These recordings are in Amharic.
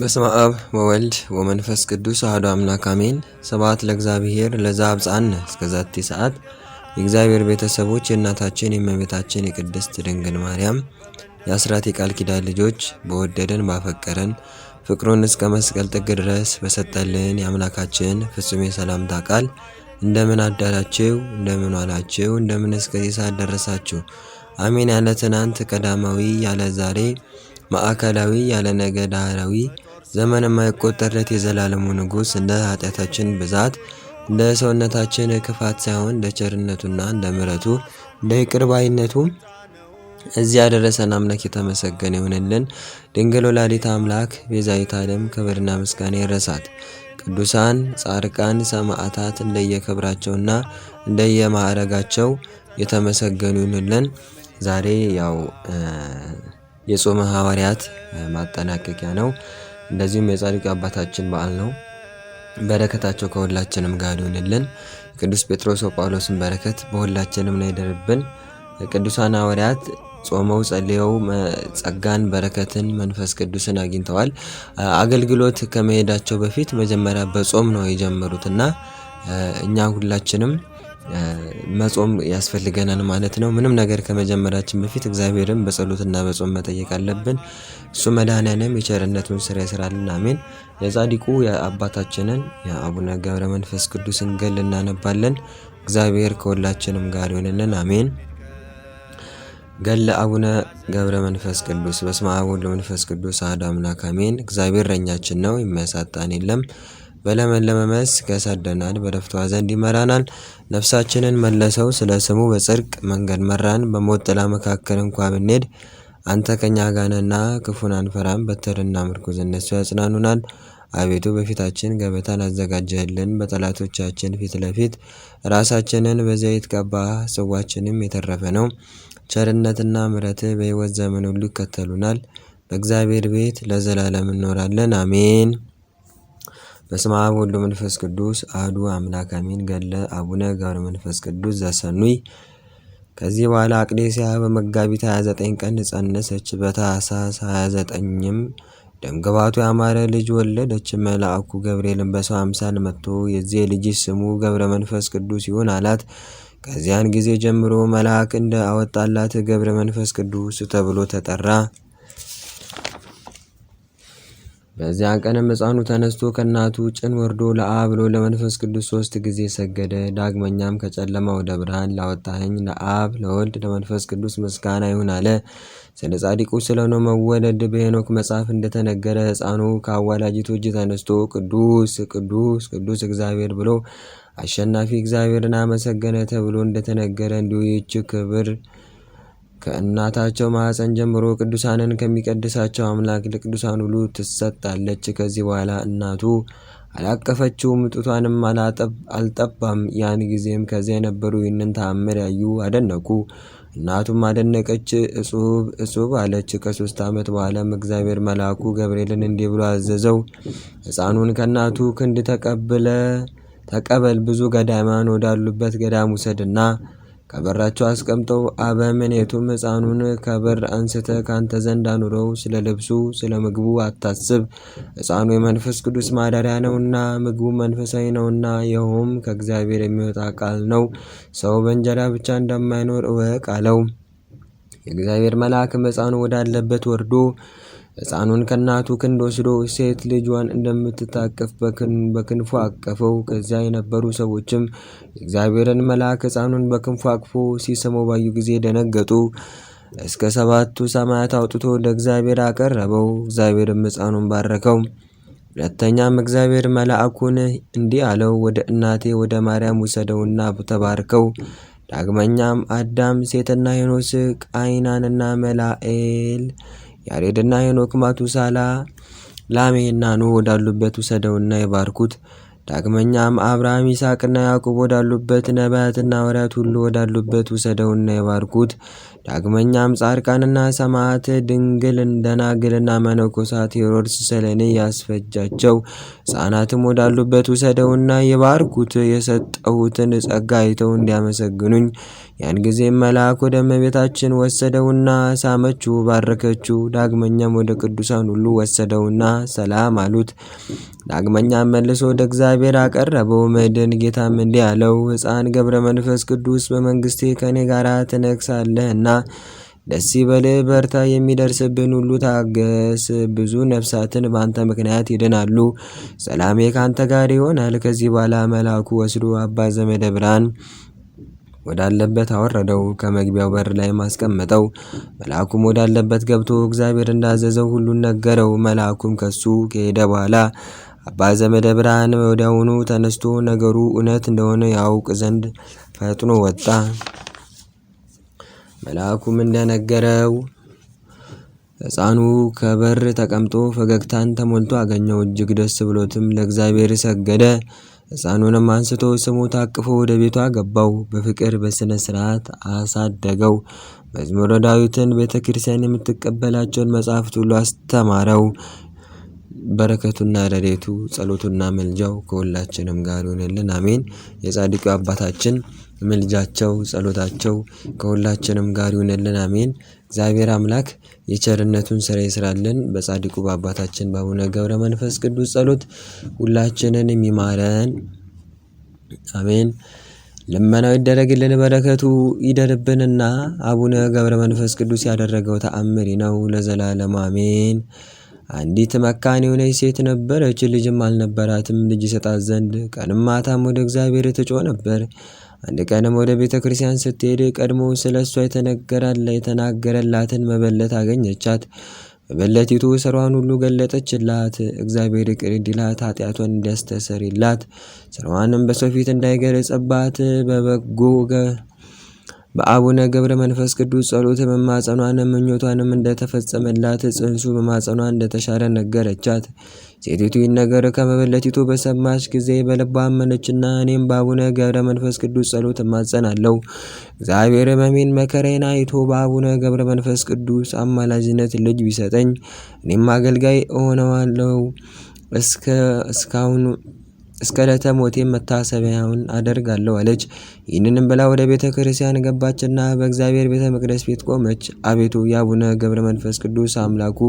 በስመ አብ ወወልድ ወመንፈስ ቅዱስ አሐዱ አምላክ አሜን። ስብሐት ለእግዚአብሔር ለዘአብጽሐነ እስከ ዛቲ ሰዓት። የእግዚአብሔር ቤተሰቦች የእናታችን የእመቤታችን የቅድስት ድንግል ማርያም የአስራት የቃል ኪዳን ልጆች በወደደን ባፈቀረን ፍቅሩን እስከ መስቀል ጥግ ድረስ በሰጠልን የአምላካችን ፍጹም የሰላምታ ቃል እንደምን አዳራችሁ? እንደምን ዋላችሁ? እንደምን እስከዚህ ሰዓት ደረሳችሁ? አሜን። ያለ ትናንት ቀዳማዊ፣ ያለ ዛሬ ማዕከላዊ፣ ያለ ነገ ዳህራዊ ዘመን የማይቆጠርለት የዘላለሙ ንጉሥ እንደ ኃጢአታችን ብዛት እንደ ሰውነታችን ክፋት ሳይሆን እንደ ቸርነቱና እንደ ምረቱ እንደ ይቅር እዚህ ያደረሰን አምላክ የተመሰገነ ይሁንልን። ድንግል ወላዲት አምላክ ቤዛዊት ዓለም ክብርና ምስጋና ይረሳት። ቅዱሳን ጻድቃን፣ ሰማዕታት እንደየክብራቸውና እንደየማዕረጋቸው የተመሰገኑ ይሁንልን። ዛሬ ያው የጾመ ሐዋርያት ማጠናቀቂያ ነው። እንደዚሁም የጻድቅ አባታችን በዓል ነው። በረከታቸው ከሁላችንም ጋር ይሁንልን። ቅዱስ ጴጥሮስ ወጳውሎስን በረከት በሁላችንም ላይ ይደርብን። ቅዱሳን ሐዋርያት ጾመው ጸልየው ጸጋን በረከትን መንፈስ ቅዱስን አግኝተዋል። አገልግሎት ከመሄዳቸው በፊት መጀመሪያ በጾም ነው እና እኛ ሁላችንም መጾም ያስፈልገናል ማለት ነው። ምንም ነገር ከመጀመራችን በፊት እግዚአብሔርን በጸሎትና በጾም መጠየቅ አለብን። እሱ መድኃኔዓለም የቸርነቱን ስራ ይስራልን። አሜን። የጻድቁ የአባታችንን የአቡነ ገብረ መንፈስ ቅዱስን ገድል እናነባለን። እግዚአብሔር ከሁላችንም ጋር ይሆንልን። አሜን። ገለ አቡነ ገብረ መንፈስ ቅዱስ። በስመ አብ ወወልድ ወመንፈስ ቅዱስ አሐዱ አምላክ አሜን። እግዚአብሔር እረኛችን ነው፣ የሚያሳጣን የለም። በለመለመ መስክ ያሳደናል፣ በረፍቷ ዘንድ ይመራናል። ነፍሳችንን መለሰው ስለ ስሙ በጽድቅ መንገድ መራን። በሞት ጥላ መካከል እንኳ ብንሄድ አንተ ከኛ ጋነና ክፉን አንፈራም። በትርና ምርኩዝ እነሱ ያጽናኑናል። አቤቱ በፊታችን ገበታን አዘጋጀህልን፣ በጠላቶቻችን ፊት ለፊት ራሳችንን በዘይት ቀባ ጽዋችንም የተረፈ ነው። ቸርነትና ምረት በሕይወት ዘመን ሁሉ ይከተሉናል። በእግዚአብሔር ቤት ለዘላለም እንኖራለን። አሜን። በስመ አብ ወወልድ ወመንፈስ ቅዱስ አሐዱ አምላክ አሜን። ገድለ አቡነ ገብረ መንፈስ ቅዱስ ዘሰኑይ። ከዚህ በኋላ አቅሌስያ በመጋቢት 29 ቀን ጸነሰች። በታኅሳስ 29ም ደምግባቱ ያማረ ልጅ ወለደች። መልአኩ ገብርኤልን በሰው አምሳል መጥቶ የዚህ ልጅ ስሙ ገብረ መንፈስ ቅዱስ ይሁን አላት። ከዚያን ጊዜ ጀምሮ መልአክ እንደ አወጣላት ገብረ መንፈስ ቅዱስ ተብሎ ተጠራ። በዚያ ቀንም ሕፃኑ ተነስቶ ከእናቱ ጭን ወርዶ ለአብ ብሎ ለመንፈስ ቅዱስ ሶስት ጊዜ ሰገደ። ዳግመኛም ከጨለማ ወደ ብርሃን ላወጣኸኝ ለአብ ለወልድ ለመንፈስ ቅዱስ ምስጋና ይሁን አለ። ስለ ጻድቁ ስለ ኖህ መወለድ በሄኖክ መጽሐፍ እንደተነገረ ሕፃኑ ከአዋላጅቱ እጅ ተነስቶ ቅዱስ ቅዱስ ቅዱስ እግዚአብሔር ብሎ አሸናፊ እግዚአብሔርን አመሰገነ ተብሎ እንደተነገረ እንዲሁ ይህች ክብር ከእናታቸው ማኅፀን ጀምሮ ቅዱሳንን ከሚቀድሳቸው አምላክ ለቅዱሳን ሁሉ ትሰጣለች። ከዚህ በኋላ እናቱ አላቀፈችውም፣ ጡቷንም አልጠባም። ያን ጊዜም ከዚያ የነበሩ ይህንን ተአምር ያዩ አደነቁ። እናቱም አደነቀች፣ እጹብ እጹብ አለች። ከሶስት ዓመት በኋላም እግዚአብሔር መልአኩ ገብርኤልን እንዲህ ብሎ አዘዘው፣ ሕፃኑን ከእናቱ ክንድ ተቀበል፣ ብዙ ገዳማን ወዳሉበት ገዳም ውሰድና ከበራቸው አስቀምጠው አበምኔቱም ሕፃኑን ከበር አንስተ ካንተ ዘንድ አኑረው፣ ስለ ልብሱ ስለ ምግቡ አታስብ፣ ሕፃኑ የመንፈስ ቅዱስ ማደሪያ ነውና ምግቡ መንፈሳዊ ነውና፣ ይኸውም ከእግዚአብሔር የሚወጣ ቃል ነው፣ ሰው በእንጀራ ብቻ እንደማይኖር እወቅ አለው። የእግዚአብሔር መልአክም ሕፃኑ ወዳለበት ወርዶ ሕፃኑን ከእናቱ ክንድ ወስዶ ሴት ልጇን እንደምትታቀፍ በክንፉ አቀፈው። ከዚያ የነበሩ ሰዎችም የእግዚአብሔርን መልአክ ሕፃኑን በክንፉ አቅፎ ሲስመው ባዩ ጊዜ ደነገጡ። እስከ ሰባቱ ሰማያት አውጥቶ ወደ እግዚአብሔር አቀረበው። እግዚአብሔርም ሕፃኑን ባረከው። ሁለተኛም እግዚአብሔር መልአኩን እንዲህ አለው፣ ወደ እናቴ ወደ ማርያም ውሰደውና ተባርከው። ዳግመኛም አዳም፣ ሴትና ሄኖስ፣ ቃይናንና መላኤል ያሬድና ሄኖክ ማቱሳላ ላሜና ኖ ወዳሉበት ውሰደውና ይባርኩት ዳግመኛም አብርሃም ይስሐቅና ያዕቆብ ወዳሉበት ነቢያትና ሐዋርያት ሁሉ ወዳሉበት ውሰደውና የባርኩት። ዳግመኛም ጻድቃንና ሰማዕት ድንግል ደናግልና መነኮሳት ሄሮድስ ሰለኔ ያስፈጃቸው ሕፃናትም ወዳሉበት ውሰደውና የባርኩት የሰጠሁትን ጸጋ አይተው እንዲያመሰግኑኝ። ያን ጊዜም መልአክ ወደ እመቤታችን ወሰደውና ሳመችው፣ ባረከችው። ዳግመኛም ወደ ቅዱሳን ሁሉ ወሰደውና ሰላም አሉት። ዳግመኛም መልሶ ወደ እግዚአብሔር አቀረበው። መድን ጌታም እንዲህ አለው፣ ሕፃን ገብረ መንፈስ ቅዱስ በመንግስቴ ከእኔ ጋር ትነግሳለህና ደስ ይበልህ በርታ፣ የሚደርስብን ሁሉ ታገስ። ብዙ ነፍሳትን በአንተ ምክንያት ይድናሉ። ሰላሜ ከአንተ ጋር ይሆናል። ከዚህ በኋላ መልአኩ ወስዶ አባ ዘመደ ብርሃን ወዳለበት አወረደው። ከመግቢያው በር ላይ ማስቀመጠው። መልአኩም ወዳለበት ገብቶ እግዚአብሔር እንዳዘዘው ሁሉን ነገረው። መልአኩም ከሱ ከሄደ በኋላ አባ ዘመደ ብርሃን ወዲያውኑ ተነስቶ ነገሩ እውነት እንደሆነ ያውቅ ዘንድ ፈጥኖ ወጣ። መልአኩም እንደነገረው ሕፃኑ ከበር ተቀምጦ ፈገግታን ተሞልቶ አገኘው። እጅግ ደስ ብሎትም ለእግዚአብሔር ሰገደ። ሕፃኑንም አንስቶ ስሙ ታቅፎ ወደ ቤቱ አገባው። በፍቅር በሥነ ሥርዓት አሳደገው። መዝሙረ ዳዊትን፣ ቤተ ክርስቲያን የምትቀበላቸውን መጽሐፍት ሁሉ አስተማረው። በረከቱና ረዴቱ ጸሎቱና መልጃው ከሁላችንም ጋር ይሆንልን፣ አሜን። የጻድቁ አባታችን ምልጃቸው ጸሎታቸው ከሁላችንም ጋር ይሁንልን አሜን። እግዚአብሔር አምላክ የቸርነቱን ስራ ይስራልን። በጻድቁ በአባታችን በአቡነ ገብረ መንፈስ ቅዱስ ጸሎት ሁላችንን የሚማረን አሜን። ልመናው ይደረግልን በረከቱ ይደርብንና አቡነ ገብረ መንፈስ ቅዱስ ያደረገው ተአምሪ ነው ለዘላለም አሜን። አንዲት መካን የሆነች ሴት ነበረች፣ ልጅም አልነበራትም። ልጅ ይሰጣት ዘንድ ቀንም ማታም ወደ እግዚአብሔር ትጮህ ነበር። አንድ ቀንም ወደ ቤተ ክርስቲያን ስትሄድ ቀድሞ ስለ እሷ የተናገረላትን መበለት አገኘቻት። መበለቲቱ ስራዋን ሁሉ ገለጠችላት። እግዚአብሔር ይቅር እንዲላት ኃጢአቷን እንዲያስተሰሪላት ስራዋንም በሰው ፊት እንዳይገለጸባት በበጎ በአቡነ ገብረ መንፈስ ቅዱስ ጸሎት መማጸኗንም ምኞቷንም እንደተፈጸመላት ጽንሱ በማጸኗ እንደተሻረ ነገረቻት። ሴቲቱ ይህን ነገር ከመበለቲቱ በሰማች ጊዜ በልቧ አመነችና እኔም በአቡነ ገብረ መንፈስ ቅዱስ ጸሎት እማጸናለሁ። እግዚአብሔር መሜን መከራዬን አይቶ በአቡነ ገብረ መንፈስ ቅዱስ አማላጅነት ልጅ ቢሰጠኝ እኔም አገልጋይ እሆነዋለሁ። እስከ እስካሁን እስከ ዕለተ ሞቴ መታሰቢያውን አደርጋለሁ አለች። ይህንንም ብላ ወደ ቤተ ክርስቲያን ገባችና በእግዚአብሔር ቤተ መቅደስ ቤት ቆመች። አቤቱ የአቡነ ገብረ መንፈስ ቅዱስ አምላኩ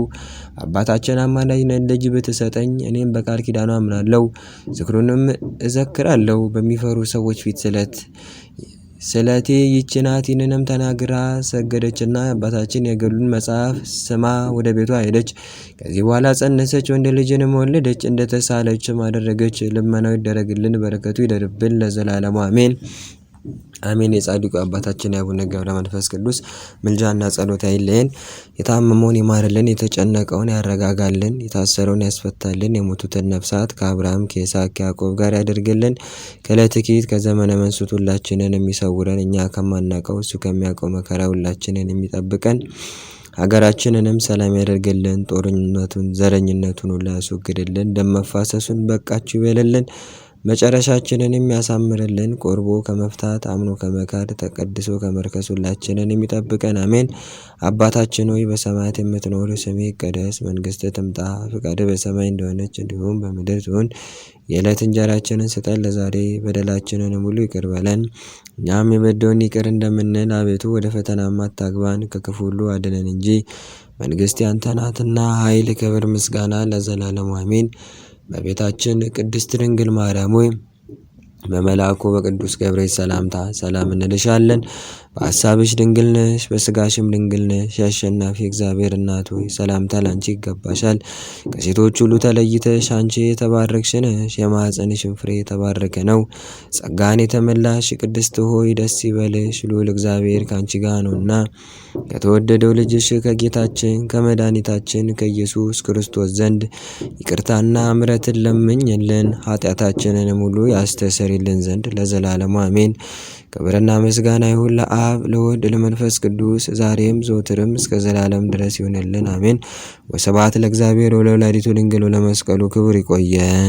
አባታችን አማላጅነት ልጅ ብትሰጠኝ እኔም በቃል ኪዳኑ አምናለሁ፣ ዝክሩንም እዘክራለሁ በሚፈሩ ሰዎች ፊት ስለት ስለቴ ይህች ናት። ይህንንም ተናግራ ሰገደችና አባታችን የገሉን መጽሐፍ ስማ ወደ ቤቷ ሄደች። ከዚህ በኋላ ጸነሰች፣ ወንድ ልጅንም ወለደች። እንደተሳለችም አደረገች። ልመናው ይደረግልን፣ በረከቱ ይደርብን ለዘላለሙ አሜን። አሜን። የጻድቁ አባታችን የአቡነ ገብረ መንፈስ ቅዱስ ምልጃና ጸሎት አይለየን። የታመመውን ይማርልን፣ የተጨነቀውን ያረጋጋልን፣ የታሰረውን ያስፈታልን፣ የሞቱትን ነፍሳት ከአብርሃም ከይስሐቅ ከያዕቆብ ጋር ያደርግልን። ከለትኪት ከዘመነ መንሱት ሁላችንን የሚሰውረን እኛ ከማናቀው እሱ ከሚያውቀው መከራ ሁላችንን የሚጠብቀን ሀገራችንንም ሰላም ያደርግልን። ጦርነቱን፣ ዘረኝነቱን ሁሉ ያስወግድልን። ደም መፋሰሱን በቃችሁ ይበልልን። መጨረሻችንን የሚያሳምርልን ቆርቦ ከመፍታት አምኖ ከመካድ ተቀድሶ ከመርከስ ሁላችንን የሚጠብቀን አሜን። አባታችን ሆይ በሰማያት የምትኖር ስምህ ይቀደስ፣ መንግስት ትምጣ፣ ፍቃድ በሰማይ እንደሆነች እንዲሁም በምድር ትሁን። የዕለት እንጀራችንን ስጠን ለዛሬ፣ በደላችንን ሙሉ ይቅር በለን እኛም የበደውን ይቅር እንደምንል፣ አቤቱ ወደ ፈተና አታግባን ከክፉ ሁሉ አድነን እንጂ መንግስት ያንተ ናትና፣ ኃይል፣ ክብር፣ ምስጋና ለዘላለሙ አሜን። በቤታችን ቅድስት ድንግል ማርያም ሆይ በመልአኩ በቅዱስ ገብርኤል ሰላምታ ሰላም እንልሻለን። በሐሳብሽ ድንግል ነሽ፣ በስጋሽም ድንግል ነሽ። የአሸናፊ እግዚአብሔር እናት ሆይ ሰላምታ ላንቺ ይገባሻል። ከሴቶች ሁሉ ተለይተሽ አንቺ የተባረክሽ ነሽ፣ ሽንፍሬ ፍሬ የተባረከ ነው። ጸጋን የተመላሽ ቅድስት ሆይ ደስ ይበልሽ፣ ልዑል እግዚአብሔር ከአንቺ ጋር ነውና ከተወደደው ልጅሽ ከጌታችን ከመድኃኒታችን ከኢየሱስ ክርስቶስ ዘንድ ይቅርታና እምረትን ለምኝልን ኃጢአታችንን ሙሉ ያስተሰሪልን ዘንድ ለዘላለሙ አሜን። ክብርና ምስጋና ይሁን ለአ ለአብ ለወልድ ለመንፈስ ቅዱስ ዛሬም ዘወትርም እስከ ዘላለም ድረስ ይሆንልን አሜን። ወስብሐት ለእግዚአብሔር ወለወላዲቱ ድንግል ወለመስቀሉ ክቡር። ይቆየን።